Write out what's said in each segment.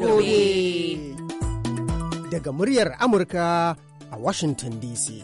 gobe. Daga muryar Amurka a Washington DC.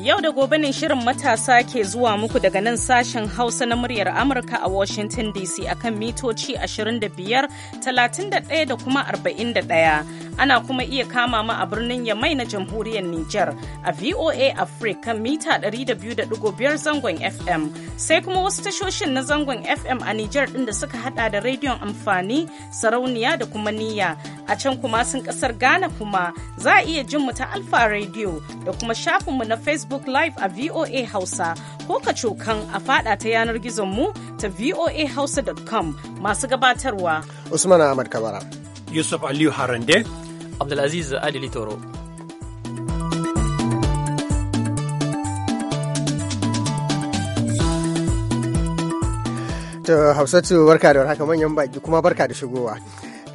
Yau da gobe ne shirin matasa ke zuwa muku daga nan sashen Hausa na muryar Amurka a Washington DC akan mitoci 25, 31 da kuma 41. ana kuma iya kama mu a birnin Yamai na jamhuriyar Nijar a VOA Africa mita 200.5 zangon FM sai kuma wasu tashoshin na zangon FM a Nijar din da suka hada da rediyon amfani sarauniya da kuma niyya a can kuma sun kasar Ghana kuma za a iya jin mu ta Alfa Radio da kuma shafinmu na Facebook Live a VOA Hausa ko ka cokan a fada ta yanar gizon mu ta voahausa.com masu gabatarwa Usman Ahmad Kabara Yusuf Aliyu Harande Abdulaziz Adili Toro. To Hafsatu barka da warhaka manyan baki kuma barka da shigowa.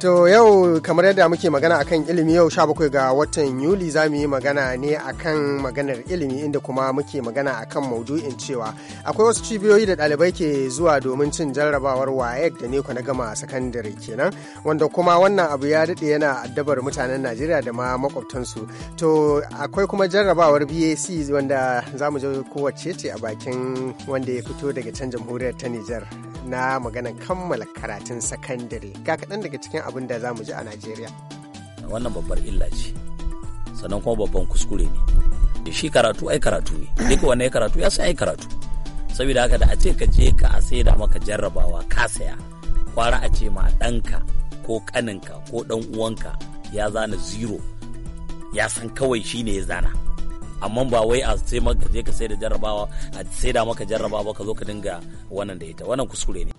To yau kamar yadda muke magana akan ilimi yau 17 ga watan Yuli za mu yi magana ne akan maganar ilimi inda kuma muke magana akan maudu'in cewa akwai wasu cibiyoyi da ɗalibai ke zuwa domin cin jarrabawar WAEC da neko na gama sakandare kenan wanda kuma wannan abu ya daɗe yana addabar mutanen Najeriya da ma makwabtansu. To akwai kuma jarrabawar BAC wanda za mu je kowace ce a bakin wanda ya fito daga can jamhuriyar ta Nijar na maganar kammala karatun sakandare. Ga kaɗan daga cikin abin da za mu ji a najeriya wannan babbar illa ce sannan kuma babban kuskure ne shi karatu ai karatu ne duk wanne ya karatu ya san ai karatu saboda haka da a ce ka je ka a saida maka jarrabawa ka saya kwara a ce ma ɗanka ko ƙaninka ko ɗan uwanka ya zana zero ya san kawai shi ne ya zana amma ba wai a sai maka je ka sai da jarrabawa a sai da maka jarrabawa ka zo ka dinga wannan da ita wannan kuskure ne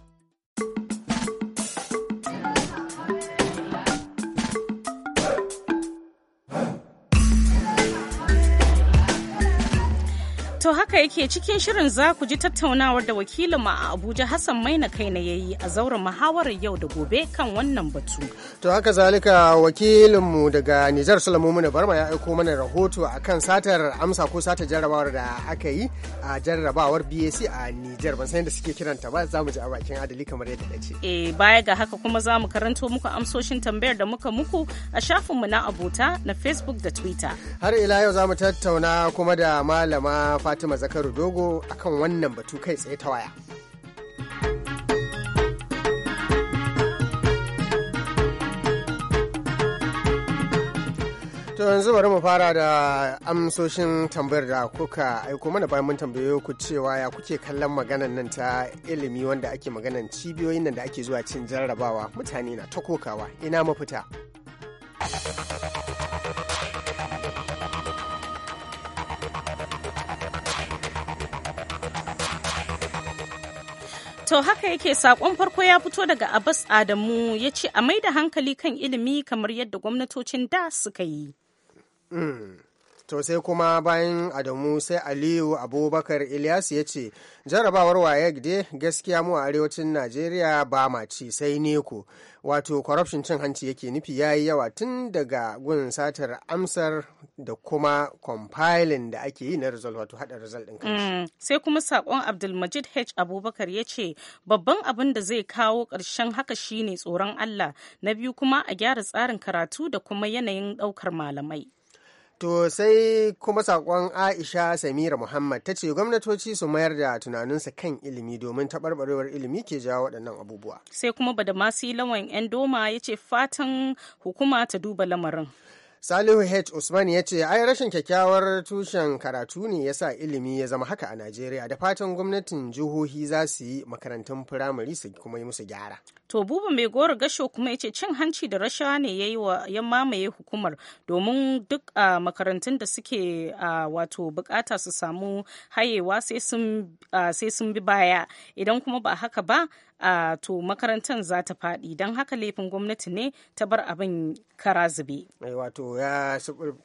haka yake cikin shirin za ku ji tattaunawar da wakilinmu a Abuja Hassan Maina kai na yayi a zauren muhawarar yau da gobe kan wannan batu. To haka zalika wakilinmu daga Nijar Salamu bar Barma ya aiko mana rahoto akan satar amsa ko sata jarrabawar da aka yi a jarrabawar BAC a Nijar ban san da suke kiranta ba za mu ji a bakin adali kamar yadda na ce. Eh baya ga haka kuma za mu karanto muku amsoshin tambayar da muka muku a shafinmu na abota na Facebook da Twitter. Har ila yau za mu tattauna kuma da malama Fatima Zakaru Dogo akan wannan batu kai tsaye ta waya. To yanzu bari mu fara da amsoshin tambayar da kuka aiko mana bayan mun tambaye ku cewa ya kuke kallon maganan nan ta ilimi wanda ake maganan cibiyoyin nan da ake zuwa cin jarrabawa mutane na ta kokawa ina mafita. To haka yake sakon farko ya fito daga Abbas Adamu ya ce a mai da hankali kan ilimi kamar yadda gwamnatocin da suka yi. Mm. to sai kuma bayan adamu sai aliyu abubakar ilyas ya ce jarabawar waye dai gaskiya mu a arewacin najeriya ba ma ci sai neko wato corruption cin hanci yake nufi ya yi yawa tun daga gun satar amsar da kuma compiling da ake yi na result wato hada result din kanshi mm, sai kuma sakon abdulmajid h abubakar ya ce babban abin da zai kawo ƙarshen haka shine tsoron allah na biyu kuma a gyara tsarin karatu da kuma yanayin ɗaukar malamai To sai kuma sakon Aisha Samira Muhammad ta ce gwamnatoci su mayar da tunaninsa kan ilimi domin taɓarɓarewar ilimi ke jawo waɗannan abubuwa. Sai kuma Badamasi Lawan 'yan doma ya ce fatan hukuma ta duba lamarin. Salihu H. Usman ya ce, ai rashin kyakkyawar tushen karatu ne ya sa ilimi ya zama haka a Najeriya da fatan gwamnatin jihohi za su yi makarantun firamare su kuma yi musu gyara. To buba mai goro gasho kuma ya ce cin hanci da rashawa ne ya yi wa ya mamaye hukumar domin duk a makarantun da suke wato bukata su samu hayewa sai sun bi baya idan kuma ba haka ba a to makarantar za ta faɗi don haka laifin gwamnati ne ta bar abin kara zube. Eh, wato ya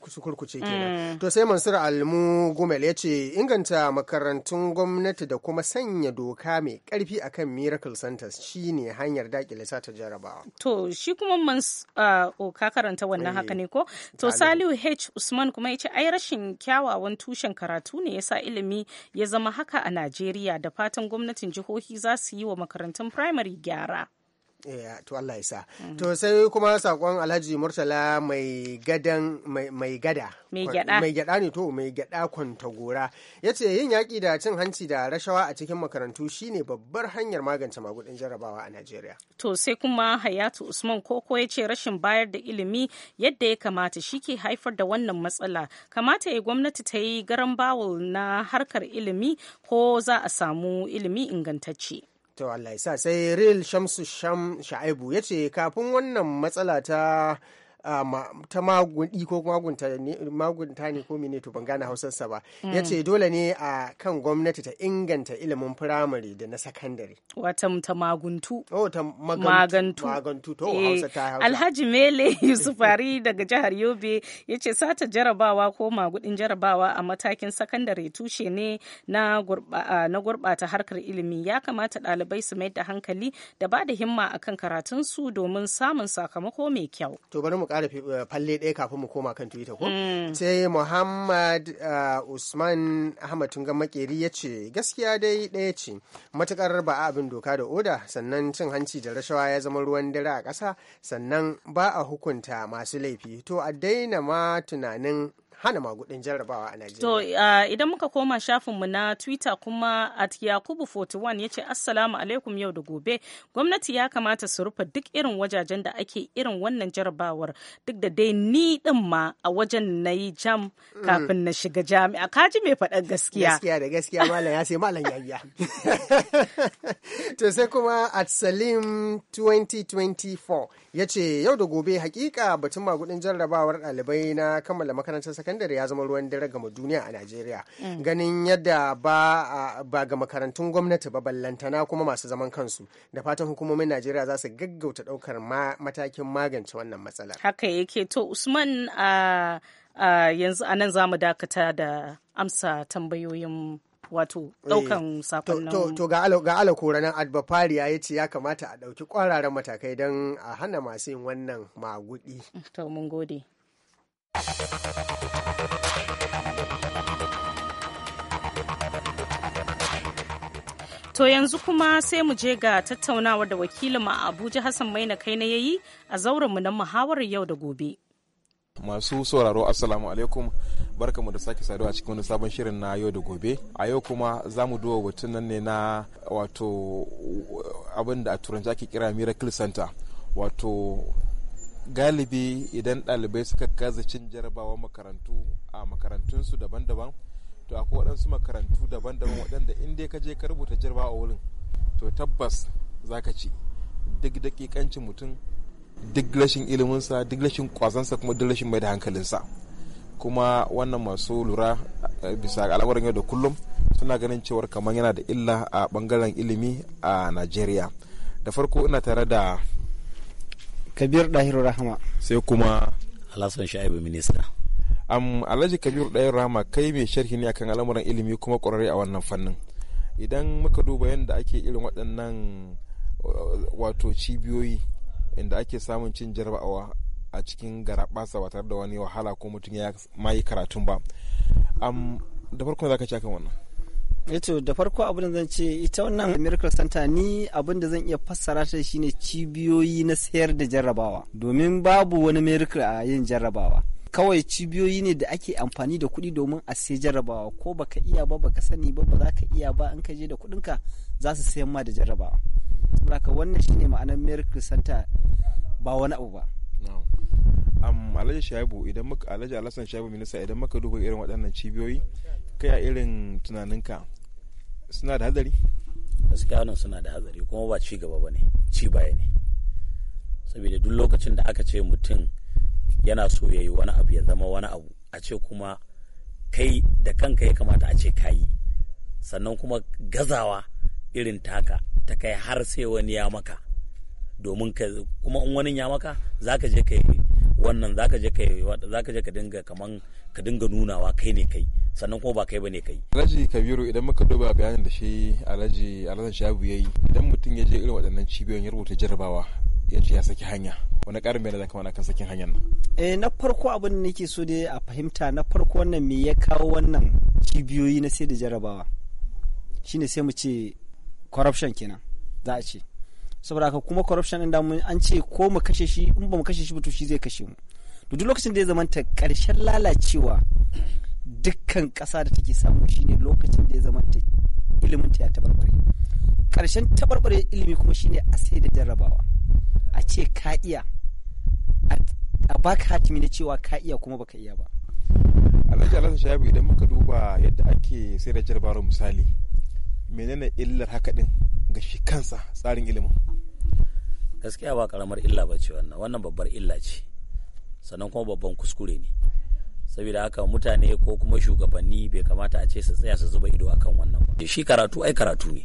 sukurkuce mm. kenan. To sai Mansur Almu Gumel ya ce inganta makarantun gwamnati da kuma sanya doka mai karfi akan Miracle Centers shi ne hanyar dakile sata jarabawa. To shi kuma ka karanta wannan haka eh, ne ko? To Saliu H Usman kuma ya ce ai rashin kyawawan tushen karatu ne ya sa ilimi ya zama haka a Najeriya da fatan gwamnatin jihohi za su yi wa makarantun sun firamare gyara. Eh, to Allah ya sa. Mm. To sai kuma sakon Alhaji Murtala mai gadan mai gada. Mai gada ne to mai kwanta kwantagora. Ya ce yin yaƙi da cin hanci da rashawa a cikin makarantu shine babbar hanyar magance magudin jarabawa a Najeriya. To sai kuma Hayatu Usman Koko ya ce rashin bayar da ilimi yadda ya kamata shi ke haifar da wannan matsala. Kamata ya gwamnati ta yi garan bawul na harkar ilimi ko za a samu ilimi ingantacce. to Allah ya sa sai real shamsu sham sha'ibu ya ce kafin wannan matsala ta ta magundi ko magunta ne ko to ban gane hausarsa ba mm. ya ce dole ne a kan gwamnati ta inganta ilimin firamare da na sakandare wata ta maguntu oh ta magantu magantu to eh, hausa ta hausa alhaji mele Yusuf ari daga jihar yobe ya ce sata jarabawa ko magudin jarabawa a matakin sakandare tushe ne na gurbata harkar ilimi ya kamata ɗalibai su mai da hankali da ba da himma akan karatunsu domin samun sakamako mai kyau to bari mu kara eh, falle ɗaya kafin mu koma kan twitter ko mm. sai muhammad eh, usman ahmad tunga makeri ya ce gaskiya dai ɗaya ce matukar ba abin doka da oda sannan cin hanci da rashawa ya zama ruwan dare a ƙasa sannan ba a hukunta masu laifi to a daina ma tunanin hana magudin jarrabawa a Najeriya. To idan muka koma shafinmu na Twitter kuma at Yakubu41 ya ce Assalamu alaikum yau da gobe. Gwamnati ya kamata su rufe duk irin wajajen da ake irin wannan jarrabawar duk da dai ni din ma a wajen na yi jam mm. kafin na shiga jami'a. Kaji mai faɗar gaskiya. Gaskiya da gaskiya malam ya sai malam yayya. to sai kuma at Salim 2024 ya ce yau da gobe hakika batun magudin jarrabawar ɗalibai na kammala makarantar sakandare ya zama ruwan dare gama duniya a najeriya mm. ganin yadda ba ga makarantun gwamnati ba ballantana kuma masu zaman kansu da fatan hukumomin najeriya za su gaggauta daukar matakin magance wannan matsalar haka yake to usman a yanzu anan za mu dakata da amsa tambayoyin wato daukan eh, sakonnin to, to, ga ala kora nan ya ce ya kamata a dauki kwararan matakai don a hana masu yin wannan magudi to mun gode To yanzu kuma sai mu je ga tattaunawar da wakilin a Abuja Hassan Maina kai na yayi a zauren mu na muhawarar yau da gobe. Masu sauraro Assalamu alaikum barkamu da sake saduwa a cikin wani sabon shirin na yau da gobe. A yau kuma za mu duba batun nan ne na wato abin da a turanci ake kira Miracle Center. Wato galibi idan ɗalibai suka gaza cin jarabawa makarantu a makarantunsu daban-daban to akwai waɗansu makarantu daban-daban waɗanda in dai ka je ka rubuta jarabawa a wurin to tabbas za ka ci duk dakikancin mutum duk rashin iliminsa duk rashin kwazansa kuma duk rashin mai da hankalinsa kuma wannan masu lura eh, bisa al'amarin yau da kullum suna ganin cewar kamar yana da illa a bangaren ilimi a najeriya da farko ina tare da kabir dahiru rahama sai kuma alhassan sha'ibu minista am alhaji kabir dahiru rahama kai mai sharhi ne akan al'amuran ilimi kuma kwararre a wannan fannin idan muka duba yadda ake irin waɗannan eh, wato cibiyoyi inda ake samun cin jarabawa a cikin garabasa ba tare da wani wahala ko mutum ya ma yi karatun ba da farko za ka ci akan wannan eto eh da farko abin da zan ce ita wannan miracle center ni abin da zan iya fassara ta shine cibiyoyi na sayar da jarabawa domin babu wani miracle a yin jarabawa kawai cibiyoyi ne da ake amfani da kuɗi domin a sai jarrabawa ko baka iya ba baka sani ba ba za ka iya ba in ka je da kuɗinka za su sayan ma da jarabawa saboda wannan shine ma'anar miracle center ba wani abu ba alhaji shaibu idan muka alhaji alhassan shaibu minista idan muka duba irin waɗannan cibiyoyi kai a irin tunaninka suna da hadari gaskiya wannan suna da hadari kuma ba ci gaba bane ci baya ne saboda duk lokacin da aka ce mutum yana so ya yi wani abu ya zama wani abu a ce kuma kai da kanka ya kamata a ce kayi sannan kuma gazawa irin taka ta kai har sai wani ya maka domin ka kuma in wani ya maka za ka je ka yi wannan za ka je ka za ka je ka dinga kaman ka dinga nunawa kai ne kai sannan kuma ba kai bane kai Alhaji Kabiru idan muka duba bayanin da shi Alhaji Alhaji Shabu yayi idan mutum ya je irin waɗannan cibiyoyin ya rubuta jarabawa ya ce ya saki hanya wani ƙarin bayani da kama kan sakin hanyar nan eh na farko abin da nake so dai a fahimta na farko wannan me ya kawo wannan cibiyoyi na sai da jarabawa shine sai mu ce corruption kenan za a ce saboda haka kuma corruption din da an ce ko mu kashe shi in ba mu kashe shi ba to shi zai kashe mu to duk lokacin da ya zamanta karshen lalacewa dukkan ƙasa da take samu shine lokacin da ya zamanta ilimin ta ya tabarbare karshen tabarbare ilimi kuma shine a sai da jarrabawa a ce ka iya a baka hatimi na cewa ka iya kuma baka iya ba alhaji alhassan shabi idan muka duba yadda ake sai da jarrabawar misali menene illar haka din ga shi kansa tsarin ilimin gaskiya ba karamar illa ba ce wannan wannan babbar illa ce sannan kuma babban kuskure ne saboda haka mutane ko kuma shugabanni bai kamata a ce su tsaya su zuba ido akan wannan ba shi karatu ai karatu ne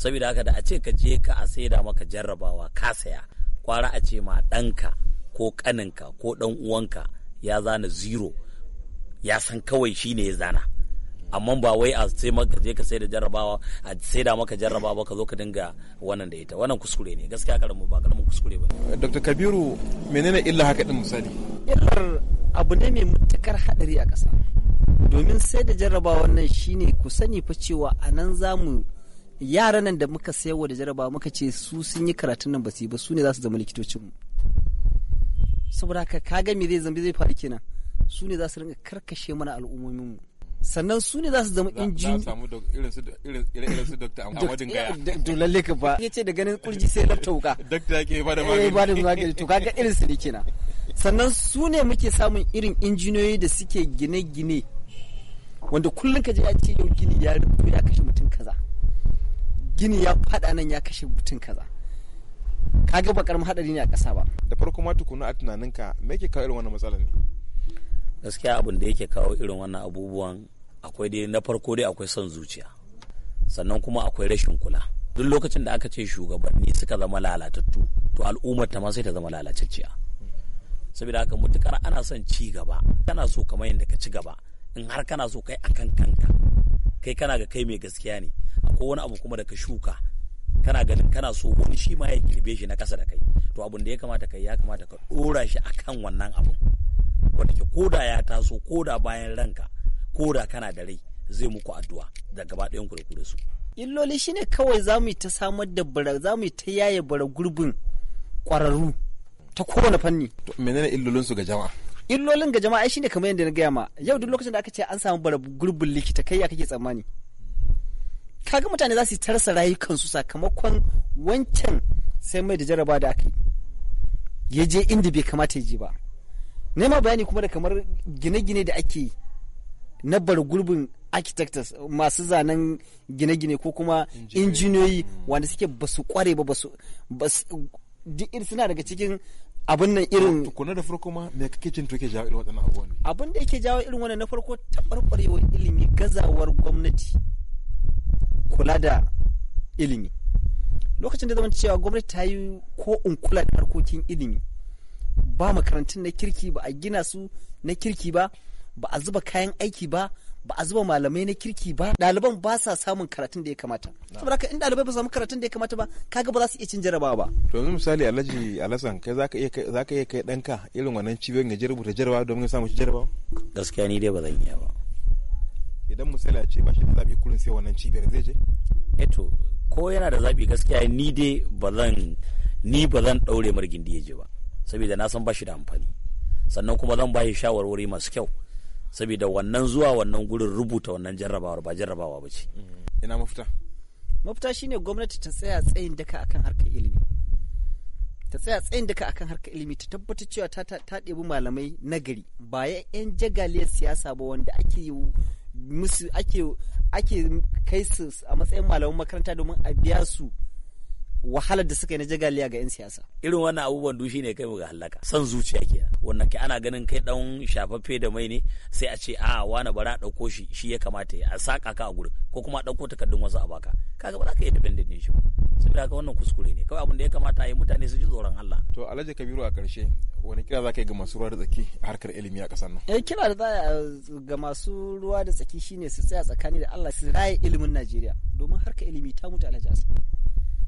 saboda haka da a ce ka je ka a saida maka jarrabawa ka saya kwara a ce ma ɗanka ko kaninka ko ɗan uwanka ya zana zero ya san kawai shi ne ya zana amma ba wai a sai maka je ka sai da jarrabawa a sai da maka jarrabawa ka zo ka dinga wannan da ita wannan kuskure ne gaskiya karamu ba karamin kuskure ba Dr. Kabiru menene illa haka din misali illar abu ne mai matukar hadari a ƙasa domin sai da jarrabawa wannan shine ku sani fa cewa anan zamu yaran nan da muka sayarwa da jarrabawa muka ce su sun yi karatun nan ba su yi ba su ne za su zama mu saboda haka kaga me zai zambi zai faru kenan su ne za su ringa karkashe mana al'ummomin mu. sannan su ne za su zama injin za samu irin su irin su dokta Ahmadin Gaya to eh, lalle ka fa yace da ganin kurji sai na tauka dokta yake bada eh, magani bada magani to kaga irin su ne kina sannan su ne muke samun irin injiniyoyi da suke gine-gine wanda kullum ka ji an ce yau gini ya rufu ya kashe mutum kaza gini ya fada nan ya kashe mutum kaza kaga ba karamin hadari ne a ƙasa ba da farko ma tukuna a tunaninka me yake kawo irin wannan matsala ne gaskiya abin da yake kawo irin wannan abubuwan akwai dai na farko dai akwai son zuciya sannan kuma akwai rashin kula duk lokacin da aka ce shugabanni suka zama lalatattu to al'ummar ta ma sai ta zama lalatacciya saboda haka mutukar ana son ci gaba kana so kamar yadda ka ci gaba in har kana so kai akan kanka kai kana ga kai mai gaskiya ne akwai wani abu kuma da ka shuka kana ganin kana so wani shi ma ya girbe shi na kasa da kai to abin da ya kamata kai ya kamata ka dora shi akan wannan abu wanda ke koda ya taso koda bayan ranka ko da kana da rai zai muku addu'a da gaba ɗayan ku da kure su illoli shine kawai za mu yi ta samar da bara za mu yi ta yaye bara gurbin ƙwararru ta kowane fanni Menene illolin su ga jama'a illolin ga jama'a shine kamar yadda na gaya ma yau duk lokacin da aka ce an samu bara gurbin likita kai ya kake tsammani kaga mutane za su tarsa rayukansu sakamakon wancan sai mai da jaraba da aka yi ya je inda bai kamata ya je ba nema bayani kuma da kamar gine-gine da ake yi. na bar gurbin architects masu zanen gine-gine ko kuma injiniyoyi hmm. wanda suke ba su kware ba ba su duk suna daga cikin abin nan irin tukuna da farko ma me kake cin to ke jawo irin waɗannan abubuwan abin da yake jawo irin wannan na farko taɓarɓarewar ilimi gazawar gwamnati kula da ilimi lokacin da zaman cewa gwamnati ta yi ko in kula da harkokin ilimi ba makarantun na kirki ba a gina su na kirki ba ba a zuba kayan aiki ba ba a zuba malamai na kirki ba ɗaliban ba sa samun karatun da ya kamata saboda haka in ɗalibai ba samu karatun da ya kamata ba kaga ba za su iya cin jarabawa ba to yanzu misali alhaji alasan kai zaka iya kai zaka iya kai ɗanka irin wannan cibiyoyin ya rubuta jarabawa domin ya samu jarabawa gaskiya ni dai ba zan iya ba idan misali a ce ba shi da zabi kullun sai wannan cibiyar zai je eh to ko yana da zabi gaskiya ni dai ba zan ni ba zan daure margindi ya je ba saboda na san ba shi da amfani sannan kuma zan ba shi shawarwari masu kyau saboda wannan zuwa wannan gurin rubuta wannan jarrabawar ba jarrabawa ba ce mm. ina mafita mafita shine gwamnati ta tsaya tsayin daka akan harkar ilimi ta tsaya tsayin daka akan harkar ilimi ta tabbatar cewa ta ta ɗebi malamai nagari ba yan jagaliyar siyasa ba wanda ake musu ake kai su a matsayin malaman makaranta domin a biya su wahalar da suka yi na jagaliya ga 'yan siyasa. Irin wannan abubuwan dushi ne kai ga halaka. Son zuciya ke wannan ke ana ganin kai dan shafaffe da mai ne sai a ce a wani bara a ɗauko shi shi ya kamata ya saƙa ka a gurin ko kuma a ɗauko takardun wasu a baka. Kaga ba za ka yi dependent ne shi ba. Saboda haka wannan kuskure ne kawai abin da ya kamata a yi mutane su ji tsoron Allah. To Alhaji Kabiru a ƙarshe wani kira za ka yi ga masu ruwa da tsaki a harkar ilimi a ƙasar nan? Eh kira da za ga masu ruwa da tsaki shine su tsaya tsakani da Allah su raye ilimin Najeriya domin harkar ilimi ta mutu Alhaji Asa.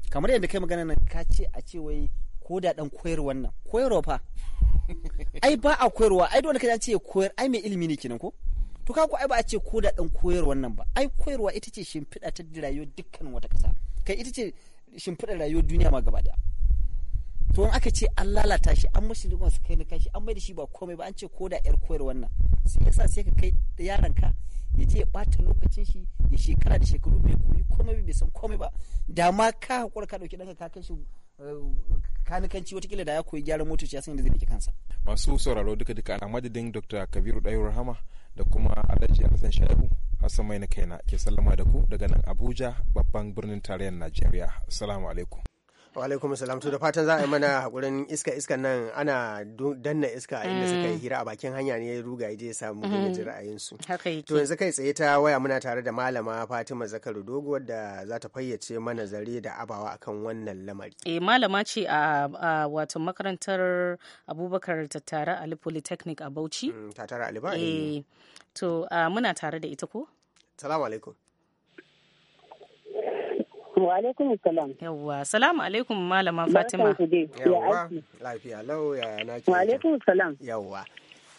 kamar yadda kai magana nan ka ce a ce wai ko da dan koyarwa nan koyarwa fa ai ba a koyarwa ai dole ka ce koyar ai mai ilimi ne kenan ko to ka ai ba a ce ko da dan koyarwa nan ba ai koyarwa ita ce shimfiɗa ta rayuwar dukkan wata ƙasa kai ita ce shimfiɗa rayuwar duniya ma gaba daya to in aka ce an lalata shi an mashi liman su kai na kashi an mai da shi ba komai ba an ce ko da yar koyarwa nan sai yasa sai ka kai yaranka ya je ya ɓata lokacin shi ya shekara da shekaru bai koyi komai bai san komai ba da ma ka hakura ka ɗauki ɗanka ka kai shi eh, kanikanci watakila da ya koyi gyaran motoci ya san yadda zai dake kansa. masu sauraro duka duka a madadin dr kabiru ɗayo rahama da kuma alhaji hassan shaibu hassan mai na kaina ke sallama da ku daga nan abuja babban birnin tarayyar najeriya assalamu alaikum. wa salam to da fatan za a yi mana hakurin iska iska nan ana danna iska inda suka yi mm. hira a bakin hanya ne ruga je ya samu a yin su to yanzu kai tsaye ta waya muna tare da malama Fatima Zakaru Dogo wadda za ta fayyace mana zare da abawa akan wannan lamari eh malama ce a wato makarantar Abubakar Tattara Ali Polytechnic a Bauchi mm, Tattara Ali ba eh to muna tare da ita ko salamu alaikum Wa alaikum salamu alaikum malama Fatima. Yawwa, lafiya lau ya na Wa alaikum salam. Yawwa.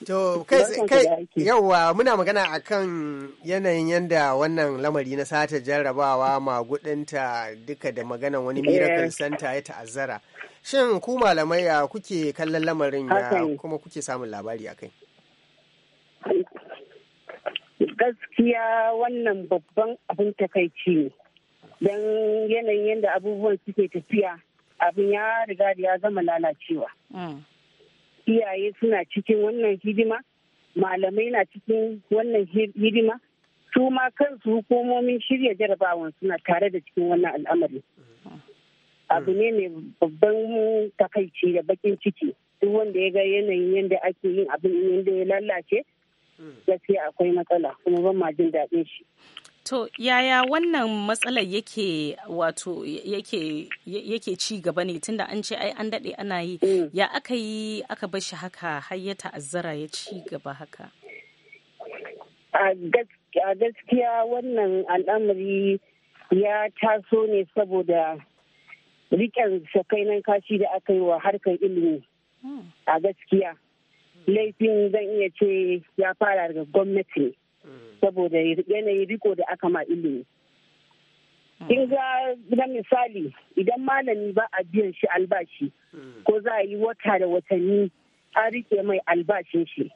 To kai yawwa muna magana a kan yanayin yadda wannan lamari na sata jarrabawa magudinta duka da magana wani miracle eh. center ya ta'azzara. Shin ku malamai ya kuke kallon lamarin ya kuma kuke samun labari a kai? Gaskiya wannan babban abin takaici ne. don yanayin yadda abubuwan suke tafiya abin ya riga da ya zama lalacewa mm. iyaye suna cikin wannan hidima malamai na cikin wannan hidima su ma kansu hukumomin shirya jarabawan suna tare da cikin wannan al'amari mm. abu ne mai babban takaici da bakin ciki duk wanda ya ga yanayin yadda ake yin abin yadda ya lalace mm. gaskiya akwai matsala kuma ban ma jin daɗin shi To yaya wannan matsalar yake wato yake yake ci gaba ne tunda an ce ai an dade ana yi mm. ya aka yi aka bar shi haka har ya ta'azzara ya ci gaba haka. A gaskiya wannan al'amari ya taso ne saboda riƙen sakainan kashi da aka yi wa harkar ilimi mm. a gaskiya. Laifin zan iya ce ya fara daga gwamnati. saboda yanayin riko da aka ma ilimi in ga na misali idan malami ba a biyan shi albashi ko za a yi wata da watanni a rike mai albashin shi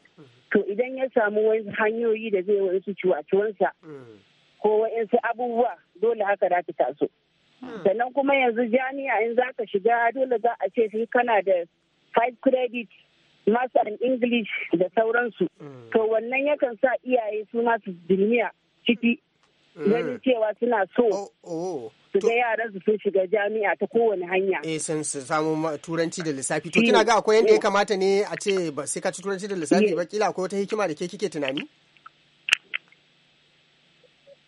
to idan ya samu wani hanyoyi da zai wa'insu ciwaciwansa ko wa'insu abubuwa dole haka za ta taso sannan kuma yanzu jami'a in za ka shiga dole za a ce sai kana da five credit master in english da sauransu mm. to wannan yakan sa iyaye su masu jirmiya ciki mm. ganin cewa suna so oh, oh. su ga yaran su sun shiga jami'a ta kowane hanya eh sun su samu turanci da lissafi to kina ga akwai yanda ya kamata ne a ce ba sai ka ci turanci da lissafi ba kila akwai wata hikima da ke kike tunani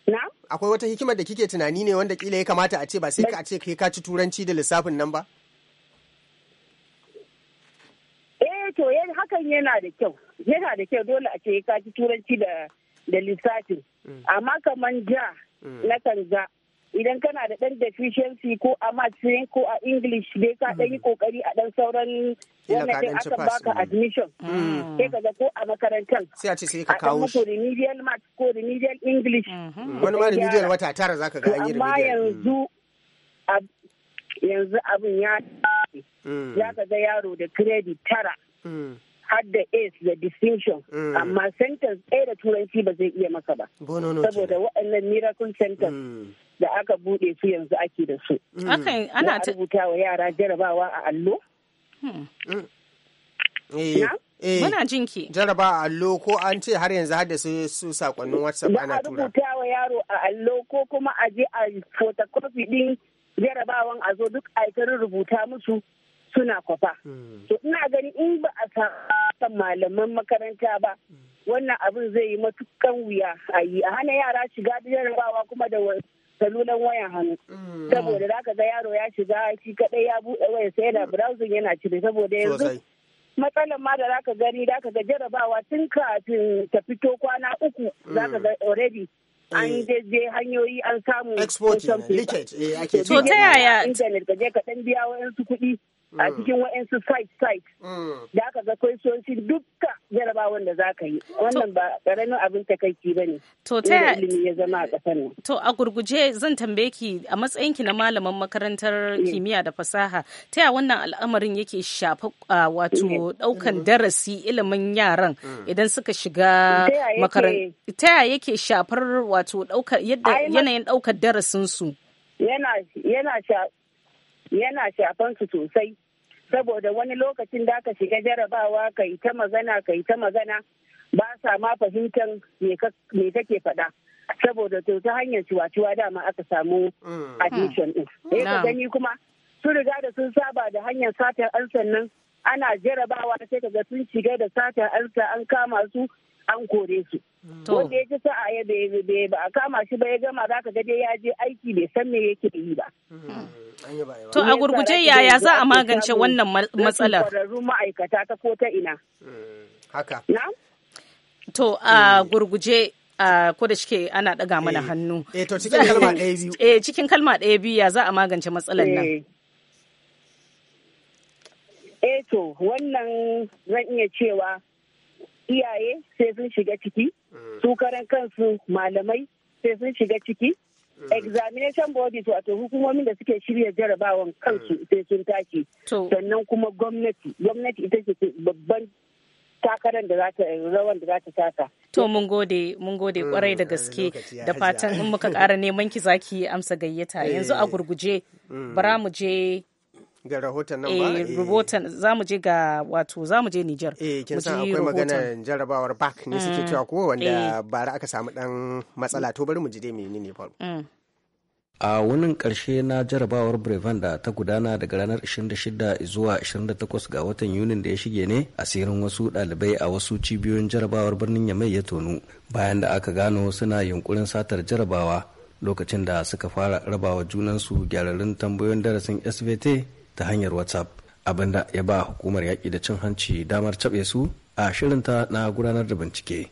na akwai wata hikima da kike tunani ne wanda kila ya kamata a ce ba sai ka ce kai ka ci turanci da lissafin nan ba to hakan yana da kyau yana da kyau dole a ce ya kaji turanci da da lissafin mm. amma kaman ja mm. na kan idan kana da dan deficiency ko a maths ko a english dai ka dan yi kokari mm. a dan sauran wannan dai aka baka admission sai ka ga ko a makarantar sai a ce sai ka kawo shi remedial maths ko remedial english mm-hmm. wani ma remedial wata tara zaka ga an yi remedial amma yanzu yanzu abin ya ya ka ga yaro da credit tara har da ace da distinction amma sentence ɗaya da turanci ba zai iya maka ba saboda waɗannan miracle sentence mm. da aka buɗe su yanzu ake da su mm. ana rubuta wa yara jarabawa a allo hmm. mm. eh, eh. Muna jinki. Jaraba a allo ko an ce har yanzu har da su su sakonnin WhatsApp ana tura. Ba a rubuta wa yaro a allo ko kuma a je a photocopy din jarabawan a zo duk aikin rubuta musu suna kwafa. Mm. To ina gani in ba a samu malaman makaranta ba wannan abin zai yi matukan wuya a yi a hana yara shiga jarabawa kuma da salulan wayan hannu. Mm. Saboda za ka ga yaro ya shiga shi kaɗai ya buɗe waya sai yana browsing yana cire saboda yanzu matsalar ma da zaka gani ka ga jarabawa tun kafin ta fito kwana uku ka ga mm. already an eh. je hanyoyi an samu exporting liket eh, ake to ta yaya internet ka je ka ɗan biya wayansu kuɗi a mm. cikin waɗansu site site da aka ga kwaisoci dukka jarabawan da za ka yi wannan ba karamin abin takaici ba ne to ta ilimi ya zama a ƙasar nan to a gurguje zan tambaye ki a matsayin ki na malaman makarantar mm. kimiyya da fasaha ta ya wannan al'amarin yake shafa wato mm. ɗaukan darasi ilimin yaran idan suka shiga makaranta ta ya yake shafar wato ɗaukar yadda yanayin ɗaukar darasin su yana yana yana shafan su sosai saboda wani lokacin da ka shiga jarabawa ka yi ta magana ka yi ta magana ba sa ma fahimtar me kake faɗa saboda to ta hanyar ciwaciwa dama aka samu mm. addition din eh ka gani kuma su riga da sun saba da hanyar satar alsan nan ana jarabawa sai ka ga sun shiga da satar arsa an kama su an kore su. Mm. Wanda ya ci sa'a ya bai ba a kama shi ba ya gama za ka gaje ya je aiki bai san me yake yi ba. Mm. To a gurguje yaya za a magance wannan matsalar? Kwararrun ma'aikata ta ko ta ina. Mm. Haka. Na? To a gurguje Uh, ko da shike ana daga mana eh. hannu. Eh to cikin kalma ɗaya biyu. Eh cikin kalma ɗaya biyu ya za a magance matsalar nan. Eh, eh to wannan zan iya cewa iyaye sai sun shiga ciki mm. su karan kansu malamai sai sun shiga ciki mm. examination body wato hukumomin da suke shirya jarabawan kansu mm. sai sun tashi sannan kuma gwamnati gwamnati ita ce babban takarar da za ta rawan da za ta taka. To mun gode mun gode kwarai da gaske da fatan in muka kara neman ki zaki amsa gayyata yanzu a eh. gurguje bara mu je ga rahoton nan ba eh, eh. rahoton zamu je ga wato zamu je Niger eh kin san akwai maganar jarabawar back ne suke mm. cewa ko wanda eh. bara aka samu dan matsala to bari mu ji dai menene faru mm. a wannan karshe na jarabawar brevan da ta gudana daga ranar 26 zuwa 28 ga watan yunin da ya shige ne asirin wasu ɗalibai a wasu cibiyoyin jarabawar birnin yamai ya tonu bayan da aka gano suna yunkurin satar jarabawa lokacin da suka fara rabawa junansu gyararrun tambayoyin darasin svt ta hanyar whatsapp abinda ya ba hukumar yaƙi da cin hanci damar caɓe su a shirin ta na gudanar da bincike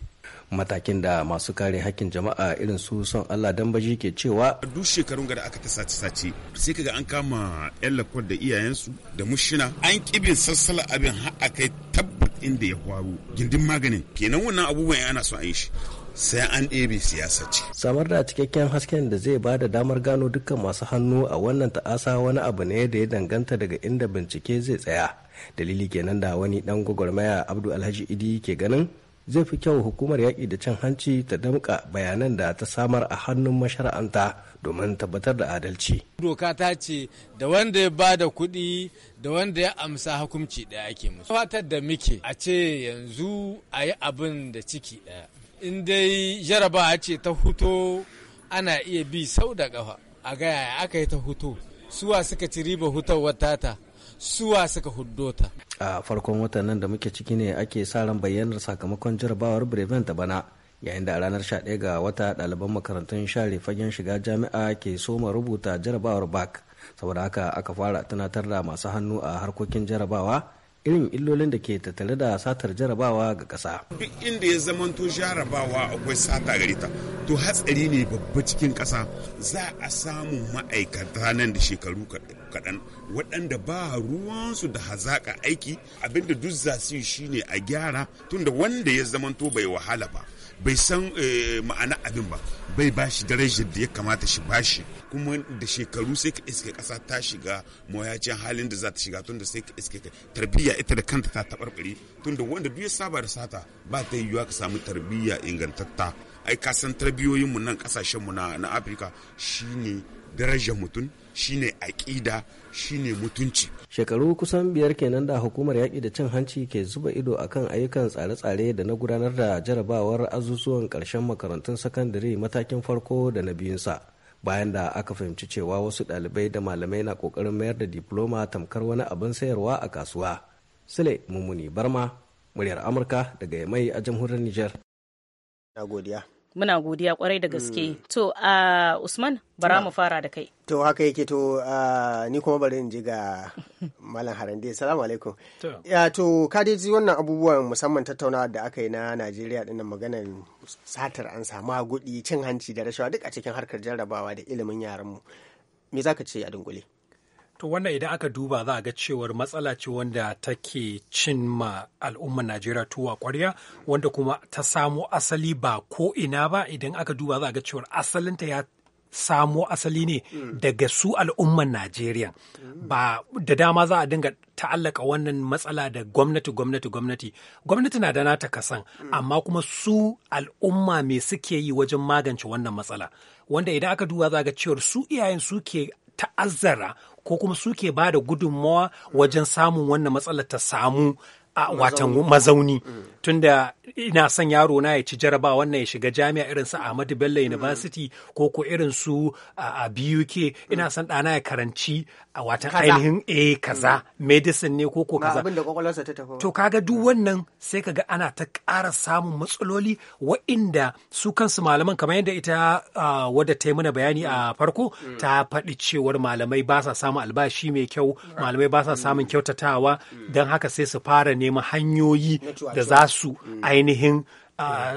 matakin da masu kare hakkin jama'a irin su son Allah dambaji ke cewa duk shekarun da aka ta sace-sace sai kaga an kama yan lakwar da iyayensu da mushina an kibin sassala abin har akai tabbat inda ya faru gindin maganin kenan wannan abubuwan ana so a yi shi sai an ɗebe siyasa ce. samar da cikakken hasken da zai bada damar gano dukkan masu hannu a wannan ta'asa wani abu ne da ya danganta daga inda bincike zai tsaya dalili kenan da wani dan gwagwarmaya abdu alhaji idi ke ganin zai fi kyau hukumar yaƙi da cin hanci ta damƙa bayanan da ta samar a hannun mashara'anta domin tabbatar da adalci. Doka ta ce da wanda ya ba da kuɗi da wanda ya amsa hukunci ɗaya ake musu. Fatar da muke a ce yanzu a yi abin da ciki ɗaya. in dai jaraba ce ta huto ana iya bi sau da ƙafa a gaya aka yi ta huto suwa suka ci riba hutawar tata suwa suka huddota. a farkon watan nan da muke ciki ne ake sa ran bayyanar sakamakon jarabawar breven ta bana yayin da a ranar 11 ga wata ɗaliban makarantun share fagen shiga jami'a ke soma rubuta jarabawar bak saboda haka aka fara tunatar da masu hannu a harkokin jarabawa irin illolin da ke tattare da satar jarabawa ga ƙasa. Duk inda ya zamanto jarabawa akwai sata gari ta, to hatsari ne babba cikin ƙasa za a samu ma'aikata nan da shekaru kaɗan waɗanda ba ruwansu da hazaƙa aiki abinda duk za su yi shine a gyara tunda wanda ya zamanto bai wahala ba. bai san eh, ma'ana abin ba bai bashi darajar da ya kamata shi bashi kuma da shekaru sai ka iske kasa ta shiga mayacin halin da za ta shiga tunda sai ka iske tarbiyya ita da kanta ta tabarbare tunda wanda duk ya saba da sata ba ta yiwuwa ka samu tarbiyya ingantatta ai ka san tarbiyoyin mu nan mu na na afirka shine darajar mutum shine aƙida shine mutunci shekaru kusan biyar kenan da hukumar yaƙi da cin hanci ke zuba ido akan ayyukan tsare-tsare da na gudanar da jarabawar azuzuwan ƙarshen makarantun sakandare matakin farko da na biyunsa bayan da aka fahimci cewa wasu ɗalibai da malamai na ƙoƙarin mayar da diploma tamkar wani abin sayarwa a kasuwa sule mummuni barma muryar amurka daga yamai a jamhuriyar niger muna godiya kwarai da gaske hmm. to a usman bara mu fara da kai to haka yake to ni kuma bari in ji ga malam harande salamu alaikum ya to ka wannan abubuwan musamman tattaunawa da aka yi na najeriya dinnan maganar satar an samu hagudi cin hanci da rashawa duk a cikin harkar jarrabawa da ilimin yaran mu me zaka ce a dunkule wannan idan aka duba za a ga cewar matsala ce wanda take cimma al'umman Najeriya tuwa kwarya wanda kuma ta samo asali ba ko ina ba idan aka duba za a ga cewar asalinta ya samo asali ne mm. daga su al'umman Najeriya. Mm. Ba da dama za a dinga ta'allaka wannan matsala da gwamnati gwamnati gwamnati. Gwamnati na da nata kasan, mm. amma kuma su al'umma me suke yi wajen magance wannan matsala. Wanda idan aka duba za ga cewar su iyayen suke ta'azzara ko kuma suke ba da gudunmawa wajen samun wannan matsalar ta samu a watan mazauni tunda ina son yaro na ya ci jaraba wannan ya shiga jami'a irin su Ahmadu Bello mm. University ko ko irin su a BUK ina son ɗana ya karanci a watan ainihin a eh, kaza mm. medicine ne ko ko kaza to kaga duk mm. wannan sai kaga ana ta ƙara samun matsaloli wa'inda su kansu malaman kamar yadda ita wadda ta yi mana bayani a farko ta faɗi cewar malamai ba sa samun albashi mai kyau malamai ba sa samun kyautatawa don haka sai su fara nema hanyoyi da za su mm. ainihin ah,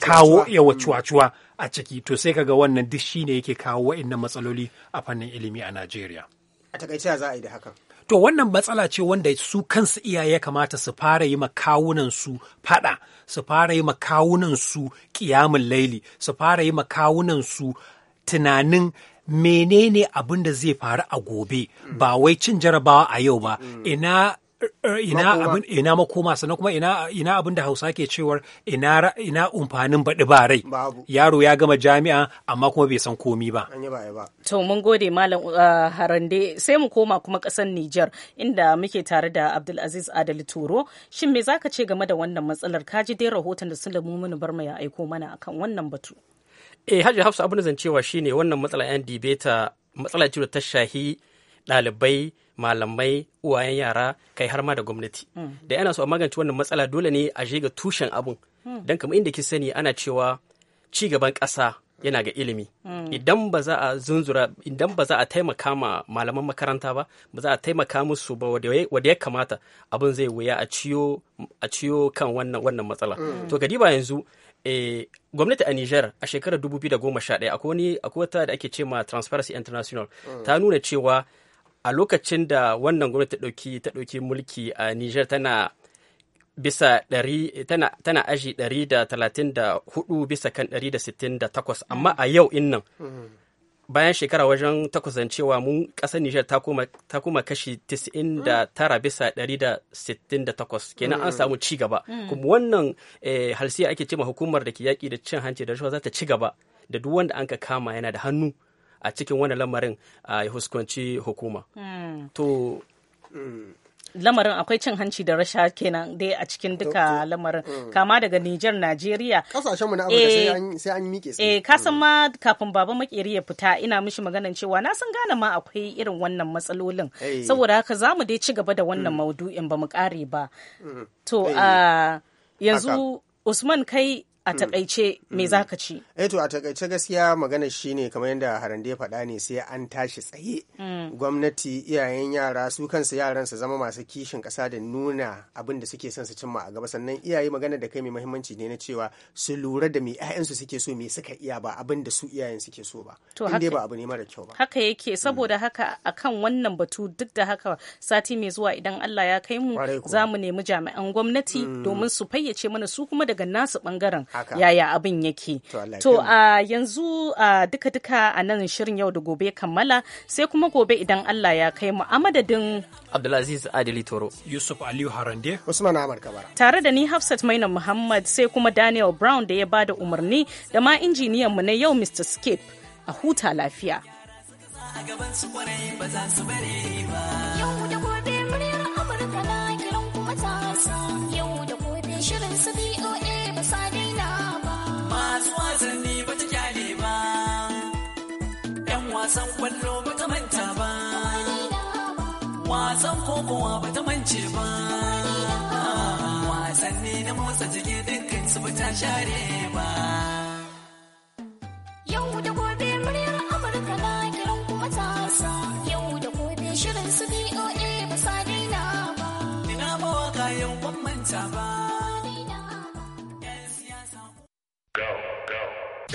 kawo mm. yawa cuwa a ciki to sai kaga wannan duk shine yake kawo wa'annan matsaloli a fannin ilimi a Najeriya. A takaice za a yi da haka. To wannan matsala ce wanda su kansu iyaye kamata su fara yi kawunan su fada, su fara yi makawunan su kiyamun laili, su fara yi makawunan su tunanin menene abin da zai faru a gobe mm. ba wai cin jarabawa a yau ba ina Eh, ina makoma sannan kuma ina abin da hausa ke cewar ina ina umfanin baɗi ba rai yaro ya gama jami'a amma kuma bai san komi ba to mun gode malam uh, harande sai mu koma kuma ƙasar Nijar inda muke tare da Abdulaziz Adali Turo shin me zaka ce game da wannan matsalar kaji dai rahoton da Sulaimu Munu Barma ya aiko mana akan wannan batu eh Hajji Hafsa abin da zan cewa shine wannan matsala yan dibeta matsala ce da ta shahi ɗalibai malamai uwayen yara kai har ma da gwamnati mm. da yana so a magance wannan matsala dole ne a je ga tushen abun mm. Dan kamar inda ki sani ana cewa ci gaban ƙasa yana ga ilimi mm. idan ba za a zunzura idan ba za a taimaka ma malaman makaranta ba ba za a taimaka musu ba wadda ya kamata abin zai wuya a ciyo kan wannan wannan matsala to gadiba yanzu eh, gwamnati a Nijar a shekarar 2011 akwai akwai wata da ake ce ma Transparency International ta nuna cewa a lokacin da wannan gwamnati ta ɗauki mulki a niger tana bisa ɗari tana, aji ɗari da talatin da hudu bisa kan ɗari da sittin da takwas amma a yau in nan bayan shekara wajen takwasan cewa mun ƙasar nijar ta kuma kashi tis'in da tara bisa ɗari da sittin da takwas kenan an samu ci gaba mm. Mm. kuma wannan eh, halsiya ake cewa hukumar da ke yaƙi da cin hanci da rashawa za ta ci gaba da duk wanda an ka kama yana da hannu a cikin wani lamarin ya huskanci hukuma hmm. lamarin akwai cin hanci da rasha kenan dai a cikin duka hmm. lamarin kama daga Nijar Najeriya kasashenmu na eh, sai an mike eh ka hmm. ma kafin baba makeri ya fita ina mishi maganan cewa na san gane ma akwai irin wannan matsalolin saboda haka za mu dai ci gaba da wannan maudu'in ba mu kare ba to yanzu Usman kai a mm. takaice me mm. za ka ci eto eh, a takaice gaskiya magana shi ne kamar yadda harande faɗa ne sai an tashi tsaye mm. gwamnati iyayen yara su kansu yaran su zama masu kishin ƙasa da nuna abin da suke son su cimma a gaba sannan iyaye magana da kai mai muhimmanci ne na cewa su lura da me ƴaƴansu suke so me suka iya ba abin da su iyayen suke so ba in dai ba abu ne mara kyau ba haka yake saboda haka akan wannan batu duk da haka sati mai zuwa idan Allah ya kai mu za mu nemi jami'an gwamnati domin su fayyace mana su kuma daga nasu bangaren yaya abin yake to a yanzu duka duka a nan shirin yau da gobe kammala sai kuma gobe idan Allah ya kai mu a madadin Abdulaziz Adili Toro Yusuf Aliyu Harande Usman Ahmad Kabara tare da ni Hafsat Maina Muhammad sai kuma Daniel Brown da ya ba da umarni da ma injiniyan mu na yau Mr. Skip a huta lafiya. wuce ba wasanni na motsa jiki dukkan su ba ta share ba yau da gobe